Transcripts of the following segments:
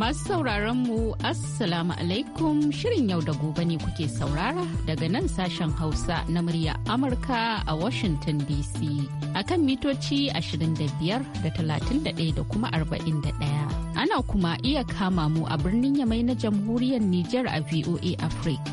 Masu sauraron mu Assalamu alaikum shirin yau da gobe ne kuke saurara daga nan sashen Hausa na murya Amurka a Washington DC akan mitoci 25 da 31 da kuma 41. Ana kuma iya kama mu a birnin Yamai na jamhuriyar Nijar a VOA Africa.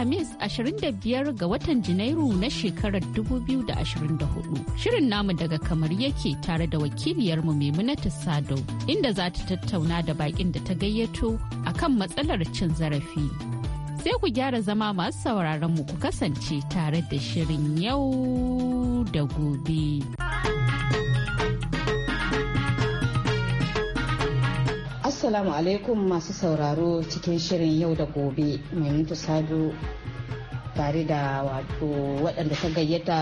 Alhamis 25 ga watan Janairu na shekarar 2024. Shirin namu daga kamar yake tare da wakiliyarmu Maimunatu Sado inda za ta tattauna da bakin da ta gayyato a kan matsalar cin zarafi. Sai ku gyara zama masu sauraron mu ku kasance tare da shirin yau da gobe. Assalamu alaikum masu sauraro cikin shirin yau da gobe mai mutu sadu tare da wato waɗanda ta gayyata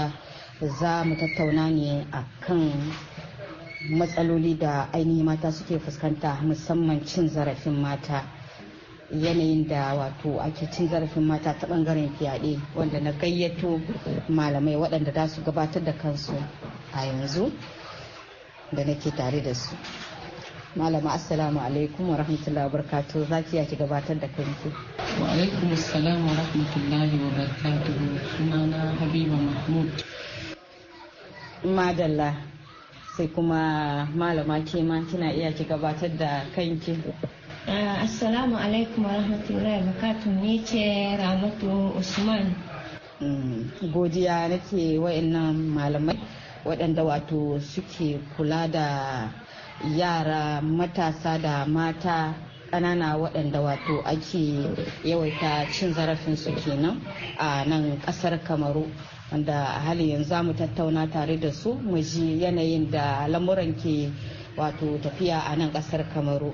za mu tattauna ne a kan matsaloli da ainihin mata suke fuskanta musamman cin zarafin mata yanayin da wato ake cin zarafin mata ta ɓangaren fyaɗe wanda na gayyato malamai waɗanda za su gabatar da kansu a yanzu da nake tare da su. malama assalamu alaikum wa rahmatullahi wa barakatuh zaki ya ki gabatar da kanki wa alaikum assalam wa rahmatullahi wa barakatuh sunana habiba mahmud madalla sai kuma malama ke ma kina iya ki gabatar da kanki ah, assalamu alaikum wa rahmatullahi wa barakatuh ni ce ramatu usman mm, godiya nake wa'annan malamai waɗanda wato suke kula da yara matasa da mata kanana waɗanda wato ake yawaita cin zarafin su kenan a nan ƙasar kamaru wanda hali yanzu za mu tattauna tare da su mu ji yanayin da lamuran ke wato tafiya a nan ƙasar kamaru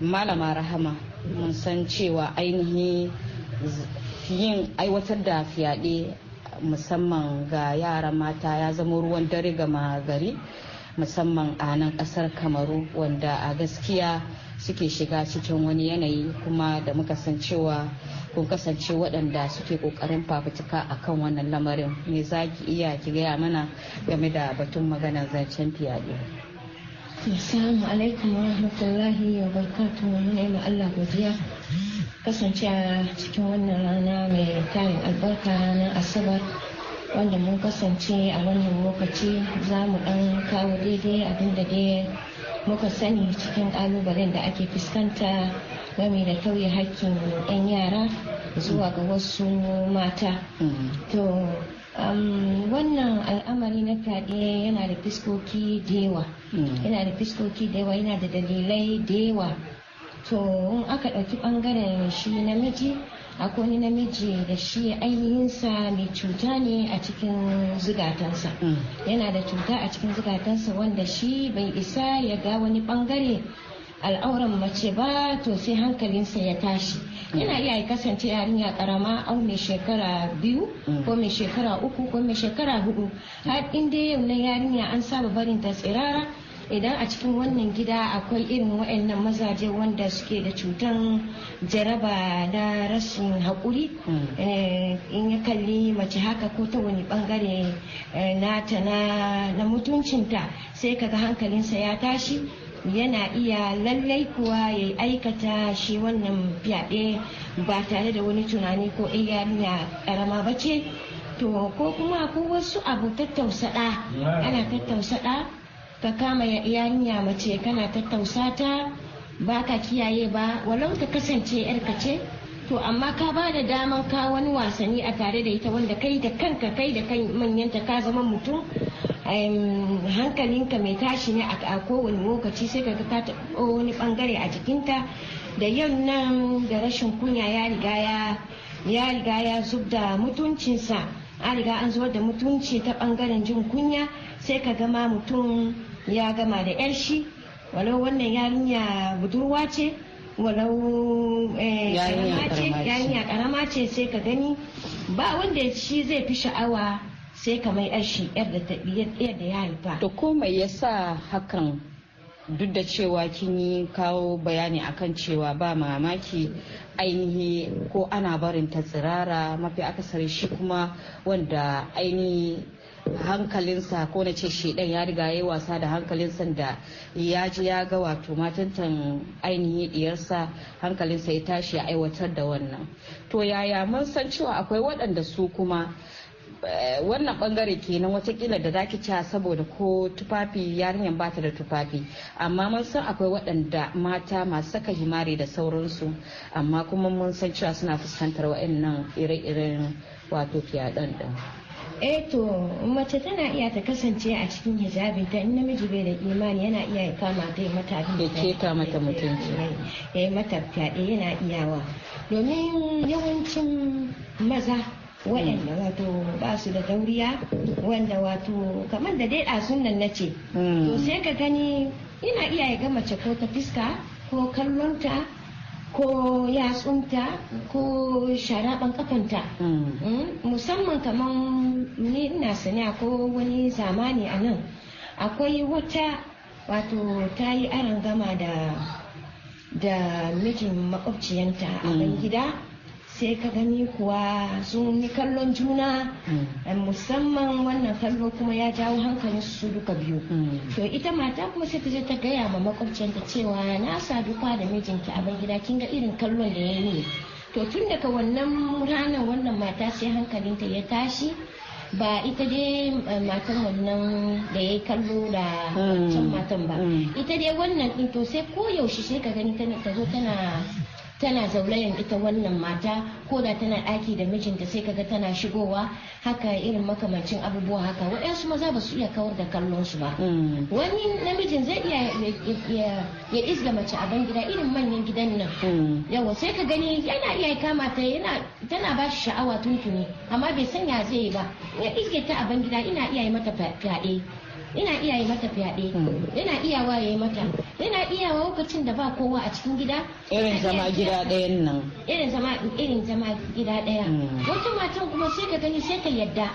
malama rahama mun san cewa ainihin yin aiwatar da fyaɗe musamman ga yara mata ya zama ruwan dare gama gari musamman a nan kasar kamaru wanda a gaskiya suke shiga cikin wani yanayi kuma da muka san cewa kun kasance waɗanda suke ƙoƙarin fafutuka a kan wannan lamarin me za ki iya ki gaya mana game da batun maganar zancen fiyaɗe. assalamu alaikum wa rahmatullahi wa barkatu wa Allah godiya kasance a cikin wannan rana mai tarin albarka na asabar wanda mun kasance a wannan lokaci za mu dan kawo daidai abin da dai muka sani cikin kalubalen da ake fuskanta game da tauye hakkin 'yan yara zuwa ga wasu mata to wannan al'amari na fyaɗe yana da fiskoki da yana da fiskoki da yana da dalilai da yawa to aka ɗauki ɓangaren shi namiji akwai wani namiji da shi ainihinsa mai cuta ne a cikin zugatansa mm. yana da cuta a cikin zugatansa wanda shi bai isa ya ga wani bangare al'auran mace ba to sai hankalinsa ya tashi mm. yana iya kasance yarinya karama au mai shekara biyu mm. ko mai shekara uku ko mai shekara hudu har inda yau na yarinya an saba barin ta tsirara idan a cikin wannan gida akwai irin waɗannan mazaje wanda suke da cutar jaraba na rashin haƙuri hmm. eh, in ya kalli mace haka ko ta wani bangare eh, nata na mutuncinta sai kaga hankalinsa ya tashi yana iya lallai kuwa ya aikata shi wannan fyaɗe ba tare da wani tunani ko yarinya ƙarama ba ce to ko kuma ko wasu abu tattausaɗa ana tattausaɗa ka kama yarinya mace kana tattausa ta ba ka kiyaye ba walau ta kasance yarka ce to amma ka ba da daman ka wani wasanni a tare da ita wanda kai da kanka kai da kan manyanta ka zama mutum hankalinka mai tashi ne a kowane lokaci sai ka ta taɓo wani bangare a jikinta da yau nan da rashin kunya ya riga ya ya riga ya zub da mutuncinsa an riga an zuwa da mutunci ta bangaren jin kunya sai ka gama mutum ya gama da yar shi walau wannan yarinya budurwa ce walau eh, yarinya karama ce sai ka gani ba wanda shi zai fi sha'awa sai ka mai shi yar da da ya haifa to ko mai yasa hakan duk da cewa kin yi kawo bayani akan cewa ba mamaki ainihi ko ana barin ta tsirara mafi akasari shi kuma wanda ainihi hankalinsa ko na ce shedan ya riga ya wasa da hankalinsa da ya ji ya ga wato matantan ainihi diyarsa hankalinsa ya tashi ya aiwatar da wannan to yaya mun san cewa akwai waɗanda su kuma eh, wannan bangare kenan watakila da zaki ci saboda ko tufafi yarinyar ta da tufafi amma mun san akwai waɗanda mata masu saka himari da sauransu amma kuma mun san cewa suna fuskantar waɗannan ire-iren wato fiyaɗen ɗin. Eh to mace tana iya ta kasance a cikin hijabi ta in namiji bai da imani yana iya ya kama ta yi mata abin da ke mata mutunci eh, ya yi mata fyaɗe yana iyawa domin yawancin maza waɗanda mm. wato ba su da dauriya wanda wato kamar da dai ɗazun nan na ce to mm. sai ka gani yana iya ya ga mace ko ta fiska ko kallonta ko yatsunta ko sharaban kafanta mm. mm. musamman kamar ni ina sani ko wani zamani a nan akwai wata wato ta yi gama da mijin makwabciyanta a gida mm. sai ka gani kuwa sun yi kallon juna mm. eh, musamman wannan kallo kuma ya jawo hankalin su duka biyu mm. to ita mata kuma sai ta je ta gaya ma makwabcinta cewa na sadu kwa da mijinki a gida kin ga irin kallon da ya yi to tun daga wannan ranar wannan mata sai hankalinta ya tashi ba ita dai eh, matan wannan da ya yi kallo da wancan mm. matan ba ita dai wannan din to sai ko yaushe sai ka gani ta zo tana tana zaulayan ita wannan mata ko da tana ɗaki da mijinta sai kaga tana shigowa haka irin makamancin abubuwa haka waɗansu maza ba su iya kawar da kallon su ba mm. wani namijin zai iya ya mace a bangida gida irin manyan gidan nan mm. yawa sai ka gani yana iya kama ta yana tana ba shi sha'awa tuntuni amma bai sanya zai yi ba ya iske ta a bangida gida ina iya yi mata fyaɗe yana iya yi mata fyaɗe yana iya waye mata yana iya lokacin da ba kowa a cikin gida irin zama gida ɗayan nan irin zama irin zama gida ɗaya hmm. wata matan kuma sai ka gani sai ka yadda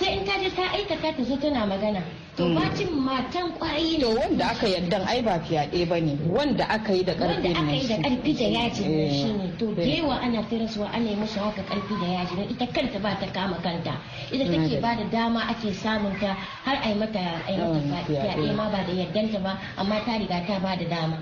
sai in ta je ta aikata ta zo tana magana to hmm. bacin matan kwayi ne wanda aka yarda ai ba fyaɗe ba ne wanda aka yi da karfi da karfi da yaji ne eh, shi ne to gewa eh. ana firaswa ana yi musu haka karfi da yaji don ita kanta ba ta kama kanta ita take ba da dama ake samun ta har ai mata ai mata mm, fiyaɗe ma ba da yaddanta ba amma ta riga ta ba da dama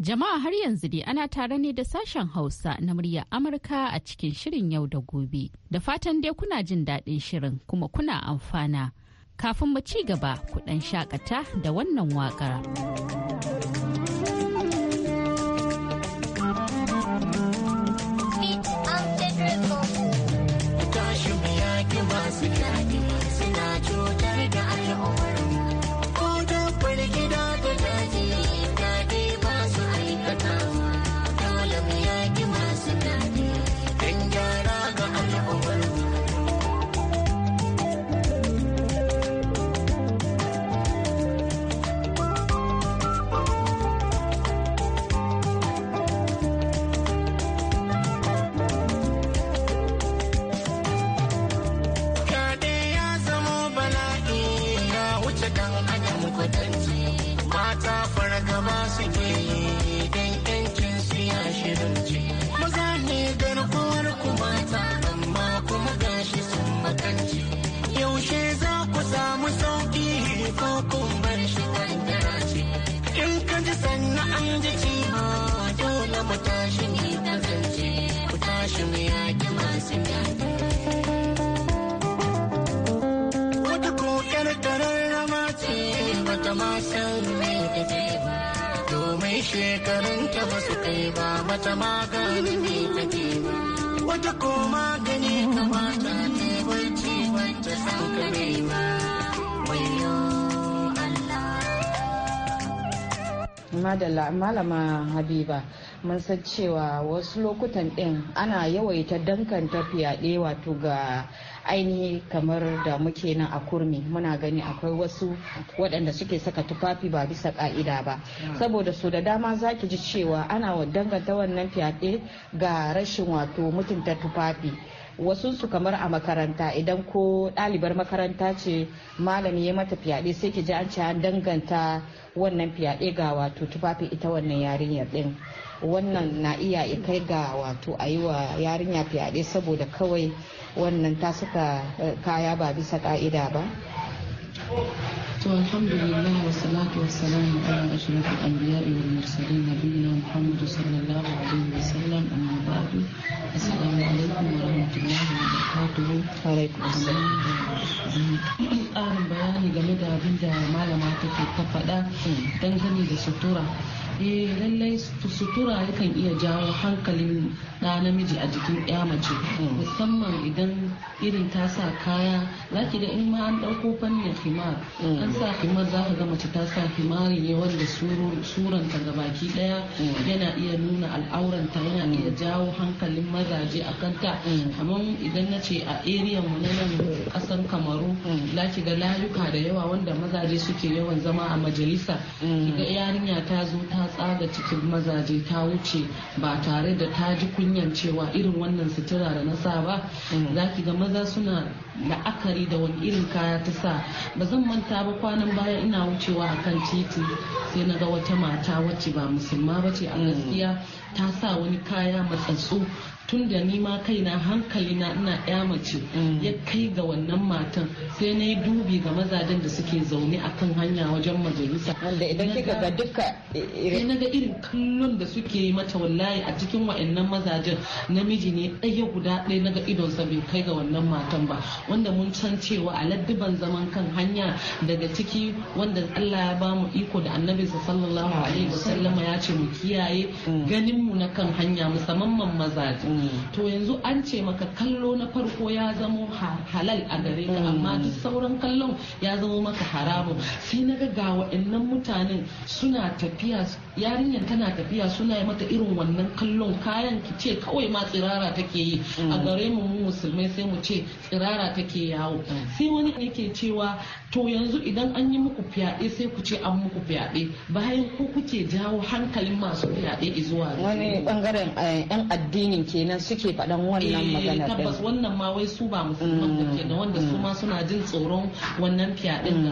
Jama'a har yanzu dai ana tare ne da sashen Hausa na muryar Amurka a cikin shirin yau da gobe. Da fatan dai kuna jin daɗin shirin kuma kuna amfana. Kafin mu ci gaba, ku ɗan shakata da wannan waƙar. ba wata magani ne take ba wata ko magani mata ne bai ci ta san ne ba wayo Allah malama habiba mun san cewa wasu lokutan ɗin ana yawaita tafiya fyaɗe wato ga ainihi kamar da muke nan a kurmi muna gani akwai wasu waɗanda suke saka tufafi ba bisa ka'ida ba saboda su da dama za ki ji cewa ana danganta wannan fyaɗe ga rashin wato mutunta tufafi wasunsu kamar a makaranta idan ko ɗalibar makaranta ce malami ya mata fyaɗe sai ki ji an ce an danganta wannan fyaɗe ga wato tufafi ita wannan yarinyar ɗin wannan na iya kai ga wato a yi wa yarinya fyaɗe saboda kawai wannan ta suka eh, kaya ba bisa ka'ida ba to alhamdulillah wa salatu wa salamu ala ashrafil anbiya wal mursalin nabiyina muhammadu sallallahu alaihi wa sallam amma ba'du assalamu alaikum wa rahmatullahi wa barakatuhu wa alaikum assalam bayani game da abinda malama take ta faɗa dangane da sutura eh lallai sutura yakan iya jawo hankalin da namiji a jikin ya mace musamman idan irin ta sa kaya za ki in ma an ɗauko fannin himar an sa himar za ka ga mace ta sa himari ne wanda suranta ga baki ɗaya yana iya nuna al'auranta yana iya jawo hankalin mazaje a kanta kamar idan na ce a eriyan mu na nan kasar kamaru za ki ga layuka da yawa wanda mazaje suke yawan zama a majalisa ki yarinya ta zo ta tsaga cikin mazaje ta wuce ba tare da ta ji kunyan cewa irin wannan sutura da na sa ba mm. za ki ga maza suna la'akari da wani irin kaya ta sa ba zan manta ba kwanan baya ina wucewa a kan titi sai na ga wata mata wacce ba musulma ba ce a mm. gaskiya ta sa wani kaya matsatsu tun da ni ma kaina hankali na ina ya mace mm. ya kai ga wannan matan sai na yi dubi ga mazajen da suke zaune a kan hanya wajen majalisa wanda ga irin kallon da suke yi mata wallahi a cikin wa'annan mazajen namiji ne ɗaya guda ɗaya na ga idonsa bai kai ga wannan matan ba wanda mun san cewa a laddiban zaman kan hanya daga ciki wanda Allah ya bamu iko da annabinsa sallallahu alaihi wasallama ya ce mu kiyaye mm. ganin mu na kan hanya musamman mazaje to yanzu an ce maka kallo na farko ya zamo halal a gare ka amma duk sauran kallon ya zamo maka haramun sai na ga ga waɗannan mutanen suna tafiya yarinyar tana tafiya suna yi mata irin wannan kallon kayan ki ce kawai ma tsirara take yi a mm. gare mu musulmai sai mu ce tsirara take yawo mm. sai wani yake cewa to yanzu idan an yi muku fyaɗe sai ku ce an muku fyaɗe bayan ko kuke jawo hankalin masu fyaɗe zuwa wani bangaren yan eh, addinin kenan suke faɗan wannan eh, magana tabbas wannan ma wai su ba musulman mm. ke da wanda su ma suna jin tsoron wannan fyaɗen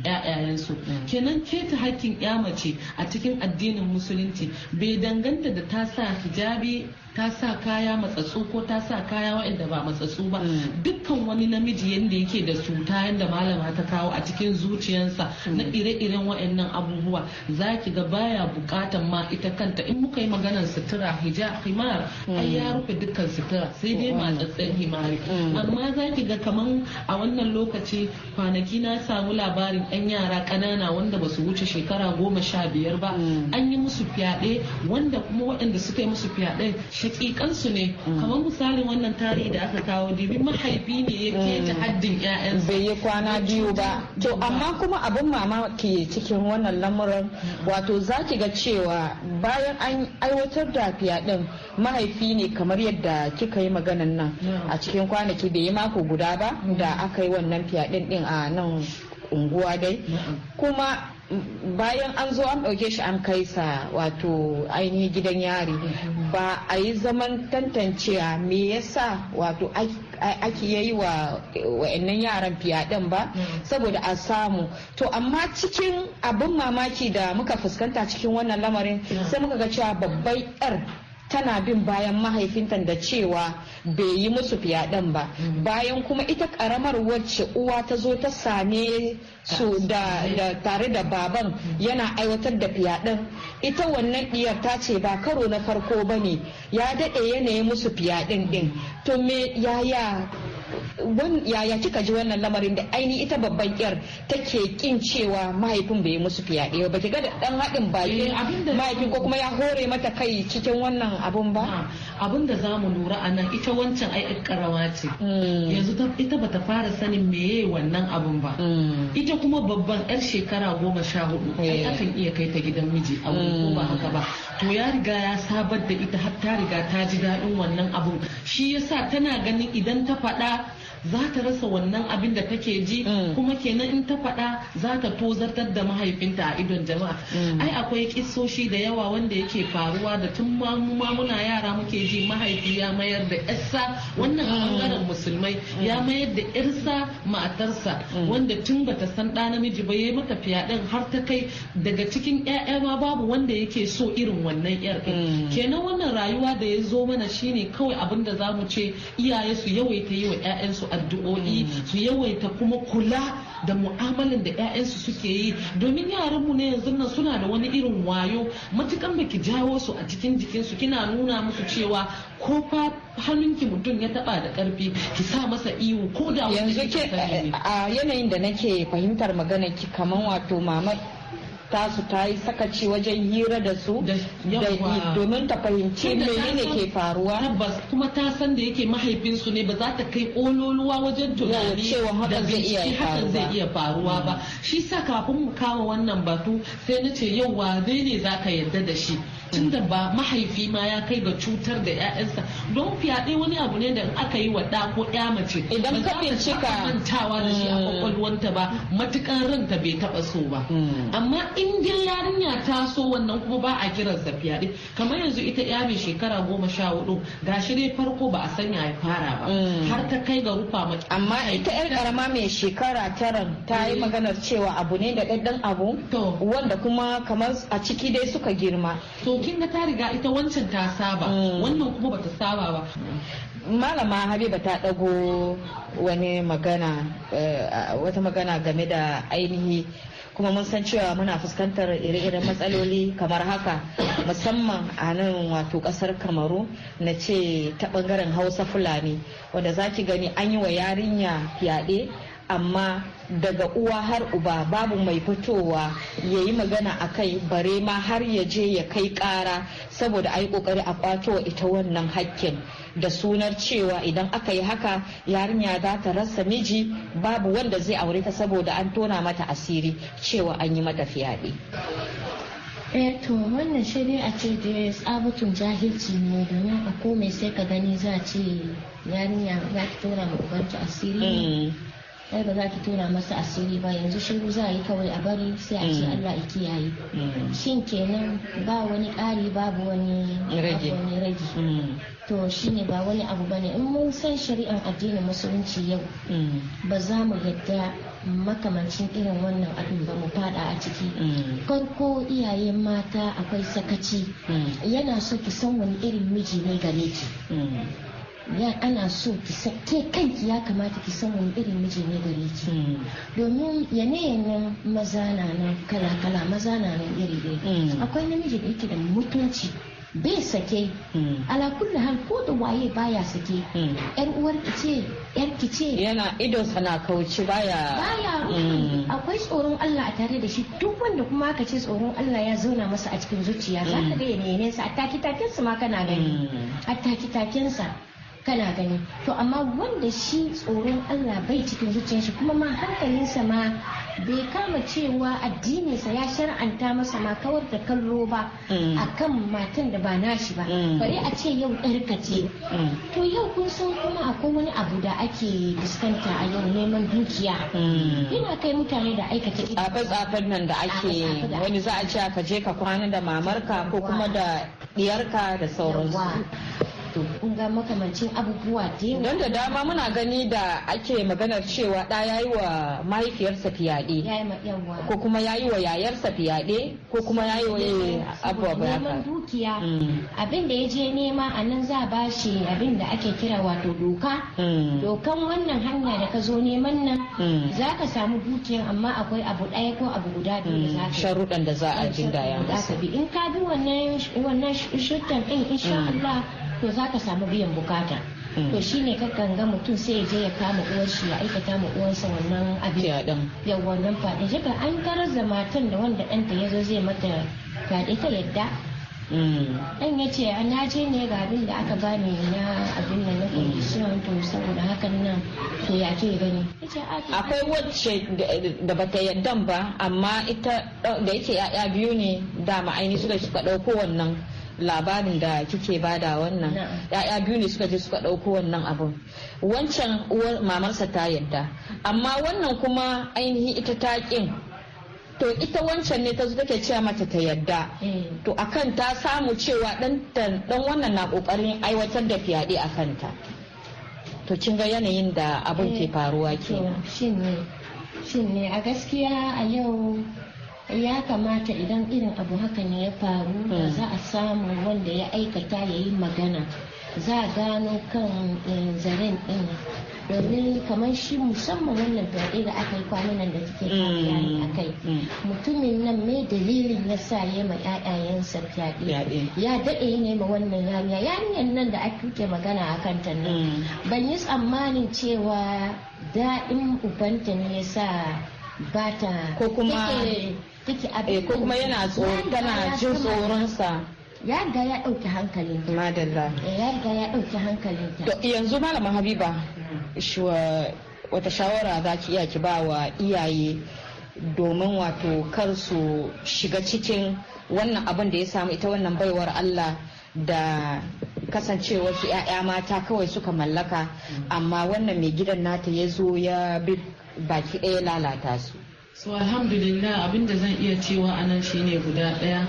ga ƴaƴayensu kenan keta hakkin ƴa mace a cikin addini addinin musulunci bai danganta da ta sa hijabi ta sa kaya matsatsu ko ta sa kaya waɗanda ba matsatsu ba hmm. dukkan wani namiji yadda yake da su ta yadda malama ta kawo a cikin zuciyarsa hmm. na ire-iren waɗannan abubuwa za ki ga baya bukatan ma ita kanta in muka yi maganar sutura hijab himar ai hmm. ya rufe dukkan sutura sai dai matsatsen himari amma za ki ga kaman a wannan lokaci kwanaki na samu labarin ɗan yara ƙanana wanda ba su wuce shekara goma sha biyar ba an yi musu fyaɗe wanda kuma waɗanda suka yi musu fyaɗe hakikansu ne mm. kamar misalin wannan tarihi da aka kawo dibi mahaifi ne ya keta mm. haddin ƴaƴansa bai yi kwana biyu ba to amma kuma abin mamaki cikin wannan lamuran mm. wato za ki ga cewa bayan an aiwatar da fiyaɗin mahaifi ne kamar yadda kika yi maganan nan a cikin kwanaki bai yi mako guda ba da aka yi wannan fyaɗe din a nan unguwa dai kuma bayan an zo an ɗauke shi an kai sa wato ainihin gidan yari ba a yi zaman tantancewa me yasa wato ake yayi wa wa'annan yaran fiyaɗen ba saboda a samu to amma cikin abin mamaki da muka fuskanta cikin wannan lamarin sai muka ga cewa babbai yar tana bin bayan mahaifinta da cewa bai yi musu fiyaɗen ba mm. bayan kuma ita karamar wacce uwa ta zo ta same su da tare da baban mm. yana aiwatar da fiyaɗen ita wannan ɗiyar ta ce ba karo na farko ba ne ya daɗe yanayi musu fyaɗen ɗin to me yaya yaya kika ji wannan lamarin da aini ita babban kyar take kin cewa mahaifin bai musu fyaɗe ba ki ga da dan haɗin bakin eh, mahaifin ko kuma ya hore mata kai cikin wannan abun ba abin da za mu lura a nan ita wancan ai karawa ce hmm. yanzu ita bata fara sanin meye wannan abun ba hmm. ita kuma babban yar shekara goma sha hudu ai eh. akan iya kai ta gidan miji a ko ba haka ba hmm. to ya riga ya sabar da ita har ta riga ta ji daɗin wannan abun shi yasa tana ganin idan ta faɗa za ta rasa wannan abin da take ji mm. kuma kenan in ta faɗa za ta tozartar da mahaifinta a idon jama'a mm. ai akwai kisoshi da yawa wanda yake faruwa da tun ma muna yara muke ji mahaifi ya mayar da yarsa wannan bangaren mm. musulmai ya mayar da yarsa matarsa wanda tun bata san ɗa namiji ba yayi mata fyaɗen har ta kai daga cikin ƴaƴa ma babu wanda yake so irin wannan yar kenan wannan rayuwa da ya zo mana shine kawai abin da zamu ce iyaye su yawaita yi wa ƴaƴansu addu'o'i su yawaita kuma kula da mu'amalan da 'ya'yansu suke yi domin yaran mu ne yanzu nan suna da wani irin wayo matukan baki jawo su a cikin jikinsu kina nuna musu cewa ko fa hannunki mutum ya taba da karfi ki sa masa iwu ko da wani yanzu ke a yanayin da nake fahimtar magana ki kaman wato mama tasu ta yi sakaci wajen hira da su domin ta fahimci ne ke faruwa tabbas kuma ta san da yake mahaifinsu ne ba za ta kai ƙololuwa wajen tunani cewa hakan zai iya faruwa ba mm. shi sa kafin mu kama wannan batu sai na ce yau wa ne za ka yarda da shi tunda ba mahaifi ma ya kai ga cutar da 'ya'yansa don fyaɗe wani abu ne da aka yi wa ɗa ko ya mace idan ka cika mantawa da shi a kwakwalwanta hmm. ba matukan ranta bai taba so ba hmm. amma in dai yarinya ta so wannan kuma ba a sa fyaɗe kamar yanzu ita ya mai shekara goma sha hudu ga dai farko ba a sanya ya fara ba hmm. har ta kai ga rufa mace amma ita yar karama mai shekara tara ta yi maganar cewa abu ne da ɗaɗɗan abu wanda kuma kamar a ciki dai suka girma to kin ga ta riga ita wancan ta saba mm. wannan kuma bata saba ba malama habiba ta dago wani magana eh, wata magana game da ainihi kuma mun san cewa muna fuskantar ire-iren matsaloli kamar haka musamman a nan wato kasar kamaru na ce ta bangaren hausa fulani wanda zaki gani an yi wa yarinya fyaɗe amma daga uwa har uba babu mai fitowa ya yi magana a kai bare ma har ya je ya kai kara saboda a yi kokari a kwato ita wannan hakkin da sunar cewa idan aka yi haka yarinya za ta rasa miji babu wanda zai aure ta saboda an tona mata asiri cewa an yi mata fyaɗe. eh to wannan shari'a ce da tsabutun jahilci ne domin a komai sai ka gani za a ce yarinya za ta tona ma asiri mm. ai ba za ki tona masa asiri ba yanzu shiru za a yi kawai a bari sai a ce mm. Allah ya kiyaye mm. shin kenan ba wani ƙari babu wani rage mm. to shine ba wani abu ba ne in mun san shari'an addinin musulunci yau ba za mu yadda makamancin irin wannan abin ba mu fada a ciki farko iyaye mata akwai sakaci yana so ki san wani irin miji ne gare ki ya ana so ki sake kanki ya kamata ki san wani irin miji ne gare ki hmm. domin yanayin maza na nan kala kala maza na nan iri iri hmm. akwai namiji da yake da mutunci bai sake hmm. ala kulli hal ko da waye baya sake yar uwar ki ce yar ce yana ido sana kauci baya baya akwai tsoron Allah a tare da shi duk wanda kuma aka ce tsoron Allah ya zauna masa a cikin zuciya za ka ga ya sa a taki ma kana gani a taki sa kana gani to amma wanda shi tsoron Allah bai cikin zuciyar shi kuma ma hankalinsa ma bai kama cewa addininsa ya shar'anta masa ma kawar da kallo ba mm. a kan matan da ba nashi ba mm. bari a ce yau ɗarka ce mm. to yau kun san kuma akwai wani abu da ake fuskanta a yau neman dukiya yana kai mutane da aikata tsafe tsafen nan da ake wani za a ce ka je ka kwana da mamarka ko kuma da diyarka da sauransu to kun ga makamancin abubuwa da don da dama muna gani da ake maganar cewa da yayi wa mahaifiyarsa fiyaɗe ko kuma yayi wa yayarsa fiyaɗe ko kuma yayi wa abubuwa neman dukiya mm. abin da ya je nema a nan za ba shi abin da ake kira wato doka mm. dokan wannan hanya da ka zo neman nan mm. za ka samu dukiyan amma akwai abu ɗaya ko abu guda da za ka da za a jindaya masa in ka bi wannan ɗin din insha Allah to za ka samu biyan bukata to mm. shi ne kakan ga mutum sai ya je ya kama uwar shi ya aikata ma uwarsa wannan abin ya wannan faɗi ka an tarar da matan da wanda ɗanta ya zo zai mata faɗi ta yadda mm. ɗan ya ce an je ne ga abin da aka bani na abin da na condition mm. to saboda hakan nan to ya ke gani akwai wacce da bata yardan ba amma ita da yake ya'ya biyu ne dama aini suka ɗauko wannan labarin da kike bada wannan ya'ya biyu ne suka je suka ɗauko wannan abun wancan uwar mamarsa ta yadda amma wannan kuma ainihi ita ta kin. to ita wancan ne ta zo take cewa mata ta yadda eh. to akan ta samu cewa dan wannan na kokarin aiwatar da fyaɗe a kanta to kin ga yanayin da abun ke eh, faruwa kenan shin ne a gaskiya a yau ya kamata idan irin abu haka hakan ya faru da hmm. za a samu wanda ya aikata ya yi magana za a gano kan eh, zaren din domin kamar shi musamman wannan fyaɗe da aka yi kwanan da take hmm. fyaɗe a kai hmm. mutumin nan me dalilin ya sa ya ma ƴaƴayensa fyaɗe ya daɗe ne ma wannan yariya yariyar nan da ake magana a kan ta ban yi tsammanin cewa daɗin ubanta ne ya sa bata ko kuma take abin eh, ko kuma yana so tana jin tsoronsa ya riga ya ɗauki hankali madalla eh, ya riga ya dauki hankali to yanzu malama habiba wata shawara za ki iya ki ba wa iyaye domin wato kar su shiga cikin wannan abin da ya samu ita wannan baiwar Allah da kasancewar su 'ya'ya mata kawai suka mallaka mm. amma wannan mai gidan nata ya zo ya bi baki ɗaya lalata su so alhamdulillah abinda zan iya cewa anan shine guda ɗaya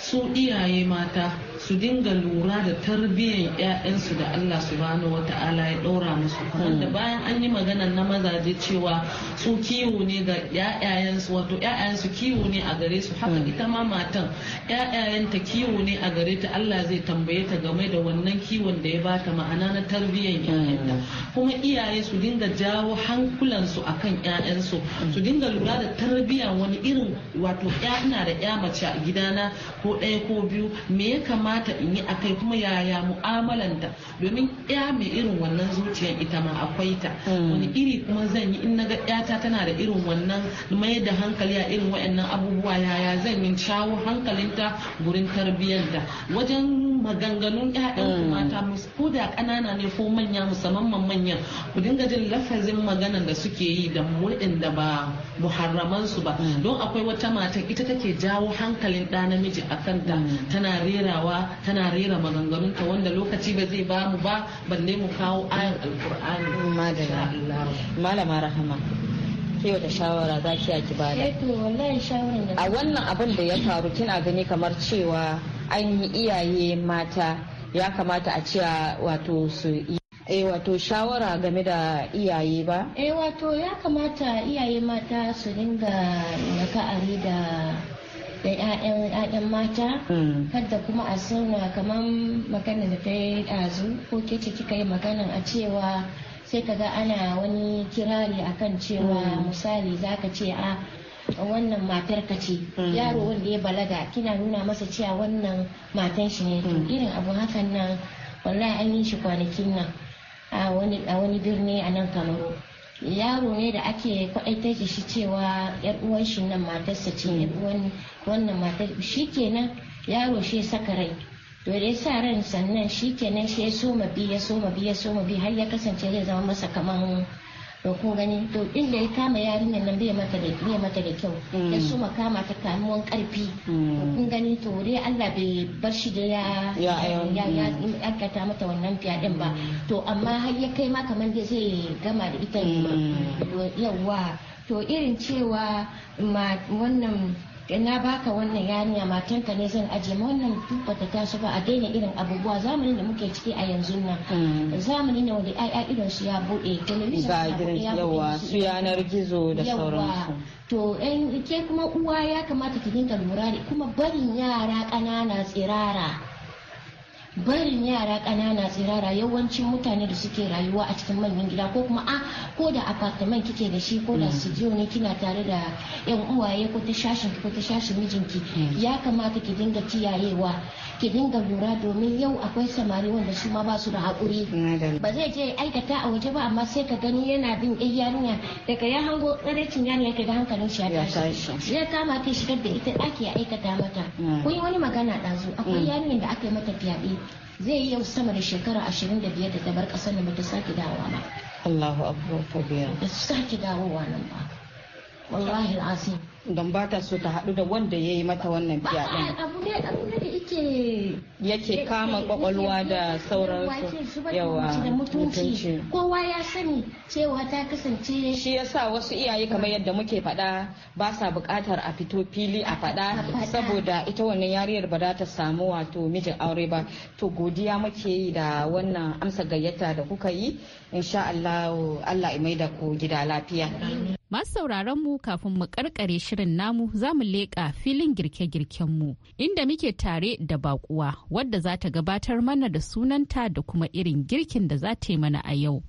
su iyaye mata su dinga lura da tarbiyyar 'ya'yansu da Allah subhanahu wa ta'ala ya ɗora musu wanda hmm. bayan an yi magana na mazaje cewa su kiwo ne ga ya'yansu wato ya'yansu kiwo ne a gare su haka hmm. ita ma matan 'ya'yayenta kiwo ne a gare ta Allah zai tambaye ta game da wannan kiwon da ya bata ma'ana na tarbiyyar 'ya'yanta hmm. kuma iyaye su dinga jawo hankulansu akan 'ya'yansu su dinga lura da tarbiyyar wani irin wato 'ya ina da 'ya mace a gidana ko ɗaya ko biyu me ya kamata kamata in yi akai kuma yaya mu'amalanta domin ya mai irin wannan zuciyar ita ma akwai ta hmm. wani iri kuma zan yi in na ga yata tana da irin wannan mai da hankali a irin wa'annan abubuwa yaya zan yi shawo hankalinta gurin tarbiyyanta wajen maganganun ƴaƴan hmm. mata ko da ƙanana ne ko manya musamman manya ku dinga jin lafazin maganan da suke yi da murɗin da ba muharraman su ba hmm. don akwai wata mata ita take jawo hankalin ɗa namiji a kanta tana rerawa tana rera maganganunta wanda lokaci ba zai ba mu ba balle mu kawo ayan alkur'ani malama rahama ke wata shawara za ki yaki ba a eh wannan abin da ya faru kina gani kamar cewa an yi iyaye mata ya kamata a cewa wato su yi E wato shawara game da iyaye ba? E wato ya kamata iyaye mata su dinga naka'ari da da 'ya'yan ya'yan mata kada mm. kuma a sauna kamar magana da ta yi ɗazu ko ke ce kika yi magana a cewa sai ka ga ana wani kirari akan cewa mm. misali za ka ce a wannan matar ka ce mm. yaro wanda ya balaga kina nuna masa cewa wannan matan shi ne irin abu hakan nan wallahi an yi shi kwanakin nan a wani birni a nan kamaru yaro ne da ake kwadaitar da shi cewa yar uwan shi nan matarsa ce yar uwan wannan matar shi kenan yaro shi saka rai to da sa ran sannan shi kenan shi ya soma biyu ya soma biyu ya soma biyu har ya kasance zai zama masa kaman da ko gani to inda ya kama yarinyar nan bai mata da bai mata da kyau ya mm. so makama ta kamuwan karfi mm. kun gani to dai Allah bai bar shi da ya ya ya aikata mata wannan fiyadin ba mm. to amma har ya kai ma kamar da zai gama da ita yawa to irin cewa wannan da na baka wannan yarinya matanka ne zan aje ma wannan duk ta taso ba a daina irin abubuwa zamanin da muke ciki a yanzu nan hmm. zamanin ne wanda ai irin su ya bude ya yawa su yanar gizo da sauransu to ke kuma uwa ya kamata ki dinga lura da kuma barin yara ƙanana tsirara barin yara ƙanana tsirara yawancin mutane da suke rayuwa a cikin manyan gida ko kuma a ko da apartment kike da shi ko da mm. studio ne kina tare da yan uwaye ko ta shashin ko ta shashin mijinki mm. ya kamata ki dinga kiyayewa ki dinga lura domin yau akwai samari wanda su ma ba da hakuri ba zai je aikata a waje ba amma sai ka gani yana bin ɗan yarinya daga ya hango tsaraicin yarinya ka ga hankalin shi ya tashi ya kama ta shigar da ita ɗaki ya aikata mata mm. kun yi wani magana ɗazu akwai yarinyar da aka yi mata fyaɗe zai yi yau sama da shekara 25 da ta bar kasar nan ta sake dawowa ba Allahu akbar kabiya da su sake dawowa nan ba wallahi azim don ba ta so ta haɗu da wanda ya yi mata wannan fiya abu yake kama kwakwalwa da sauran yawa mutunci kowa ya sani cewa ta kasance shi yasa wasu iyaye kamar yadda muke faɗa ba sa buƙatar a fito fili a faɗa saboda ita wannan yariyar ba za ta samu wato mijin aure ba to godiya muke yi da wannan amsa gayyata da kuka yi insha Allah Allah ya da ku gida lafiya masu sauraron mu kafin mu karkare shi shirin namu za mu leƙa filin girke-girkenmu inda muke tare da bakuwa wadda za ta gabatar mana da sunanta da kuma irin girkin da za ta yi mana a yau.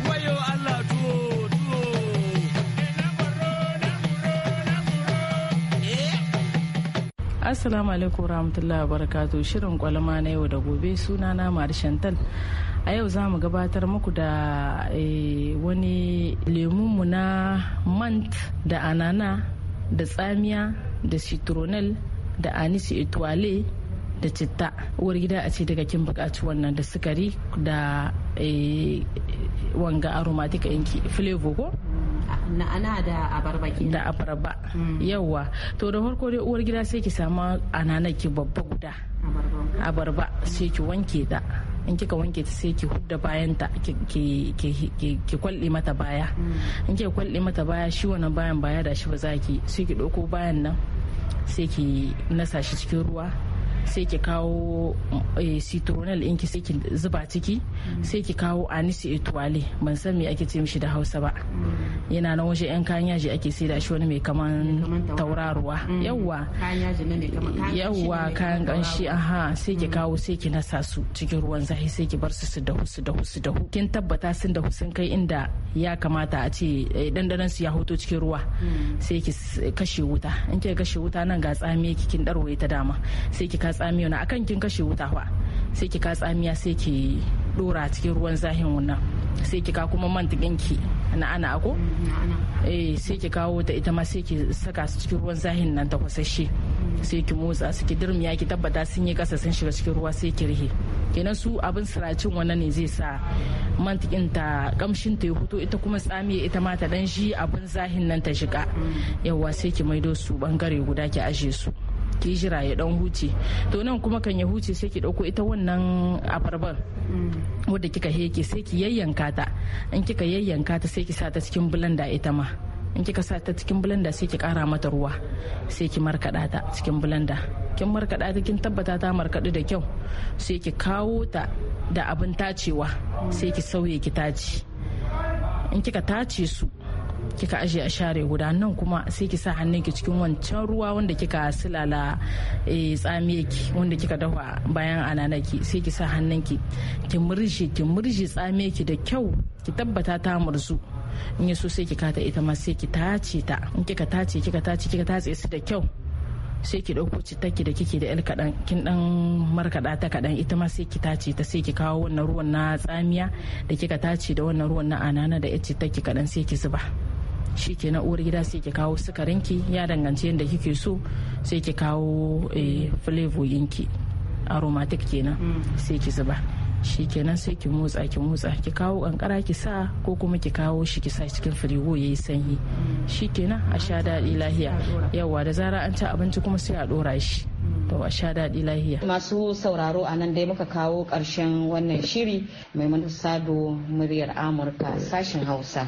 Assalamu alaikum warahmatullahi wabarakatuh shirin kwalama na yau da gobe suna na Marishantal. a yau za mu gabatar muku da eh, wani lemunmu na mant da anana da tsamiya da citronel da anise etoile da citta uwar gida a ce daga kin bukaci wannan da sukari da eh, wanga aromatic inki flavor ko na'ana da abarba ke da abarba mm. yawa to da farko dai uwar gida sai ki samu anana ki babba guda abarba sai ki wanke ta. in kika wanke ta sai ki hudda bayan ta ki kwalɗe mata baya in kika kwalɗe mata baya shi wannan bayan baya da shi ba za ki sai ki ɗauko bayan nan sai ki nasa shi cikin ruwa sai ki kawo eh, citronel in ki sai ki zuba ciki sai ki kawo anise etuwale ban san me ake ce mishi da hausa ba yana nan waje yan kayan yaji ake sai da shi wani mai kaman tauraruwa mm. yawwa yawwa kayan ganshi aha sai ki mm. kawo sai ki nasa su cikin ruwan zafi sai ki bar su su dahu su dahu su dahu kin tabbata sun dahu sun kai inda ya kamata a ce dandanan eh, su ya hoto cikin ruwa mm. sai ki kashe wuta in ki kashe wuta nan ga tsami ki kin darwaye ta dama sai ki ka tsamiya na akan kin kashe wuta fa sai ki ka tsamiya sai ki dora cikin ruwan zahin wannan sai ki ka kuma man ki na ana ako eh sai ki kawo ta ita ma sai ki saka su cikin ruwan zahin nan ta kwasashe sai ki motsa su ki dirmiya ki tabbata sun yi kasa sun shiga cikin ruwa sai ki rihe kenan su abin siracin wannan ne zai sa mantikin ta kamshin ta ya fito ita kuma tsamiya ita ma ta dan shi abin zahin nan ta shiga yawa sai ki maido su bangare guda ki aje su ki jira ya dan huce to nan kuma kan ya huce sai ki dauko ita wannan abarban mm. wadda kika heke sai ki yayyanka ta in kika yayyanka ta sai ki sa ta cikin bulanda ita ma in kika sa ta cikin bulanda sai ki kara mata ruwa sai ki markada ta cikin bulanda kin markada ta kin tabbata ta markadu da kyau sai ki kawo ta da abin tacewa mm. sai ki sauye ki tace in kika tace su kika ajiye a share guda nan kuma sai ki sa ki cikin wancan ruwa wanda kika silala eh, tsamiyaki wanda kika dafa bayan ki sai ki sa hannun ki murje ki murje tsamiyaki da kyau ki tabbata ta murzu in yi so sai ki kata ita ma sai ki tace ta in kika tace kika tace kika tace su da kyau sai ki ɗauko citaki da kike da 'yar kaɗan kin ɗan markaɗa ta kaɗan ita ma sai ki tace ta sai ki kawo wannan ruwan na tsamiya da kika tace da wannan ruwan na anana da ita citaki kaɗan sai ki zuba shi ke na uwar gida sai ki kawo sukarinki ya danganci yadda kike so sai ki kawo eh, flavor yinki aromatic kenan mm. sai ki zuba shi kenan sai ki motsa ki motsa ki kawo kankara ki sa ko kuma ki kawo shi ki sa cikin firigo yi sanyi shi kenan a sha daɗi lahiya yawa da zara an ci abinci kuma sai a ɗora shi to a sha daɗi lahiya masu sauraro a nan dai muka kawo ƙarshen wannan shiri mai sado muryar amurka sashen hausa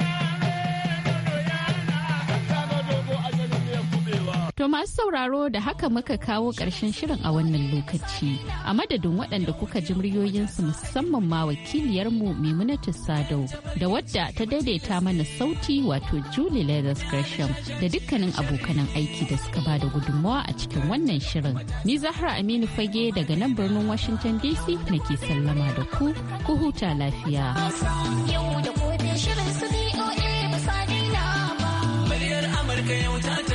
To masu sauraro da haka muka kawo ƙarshen shirin a wannan lokaci. A madadin waɗanda kuka ji muryoyinsu musamman ma wakiliyarmu Maimunatu Sadau da wadda ta daidaita mana sauti wato Julie Leathers Gresham da dukkanin abokanan aiki da suka ba da gudunmawa a cikin wannan shirin. Ni Zahra Aminu Fage daga nan birnin Washington DC nake sallama da ku, ku huta lafiya. Yau da shirin su ba sa ba. Amurka yau ta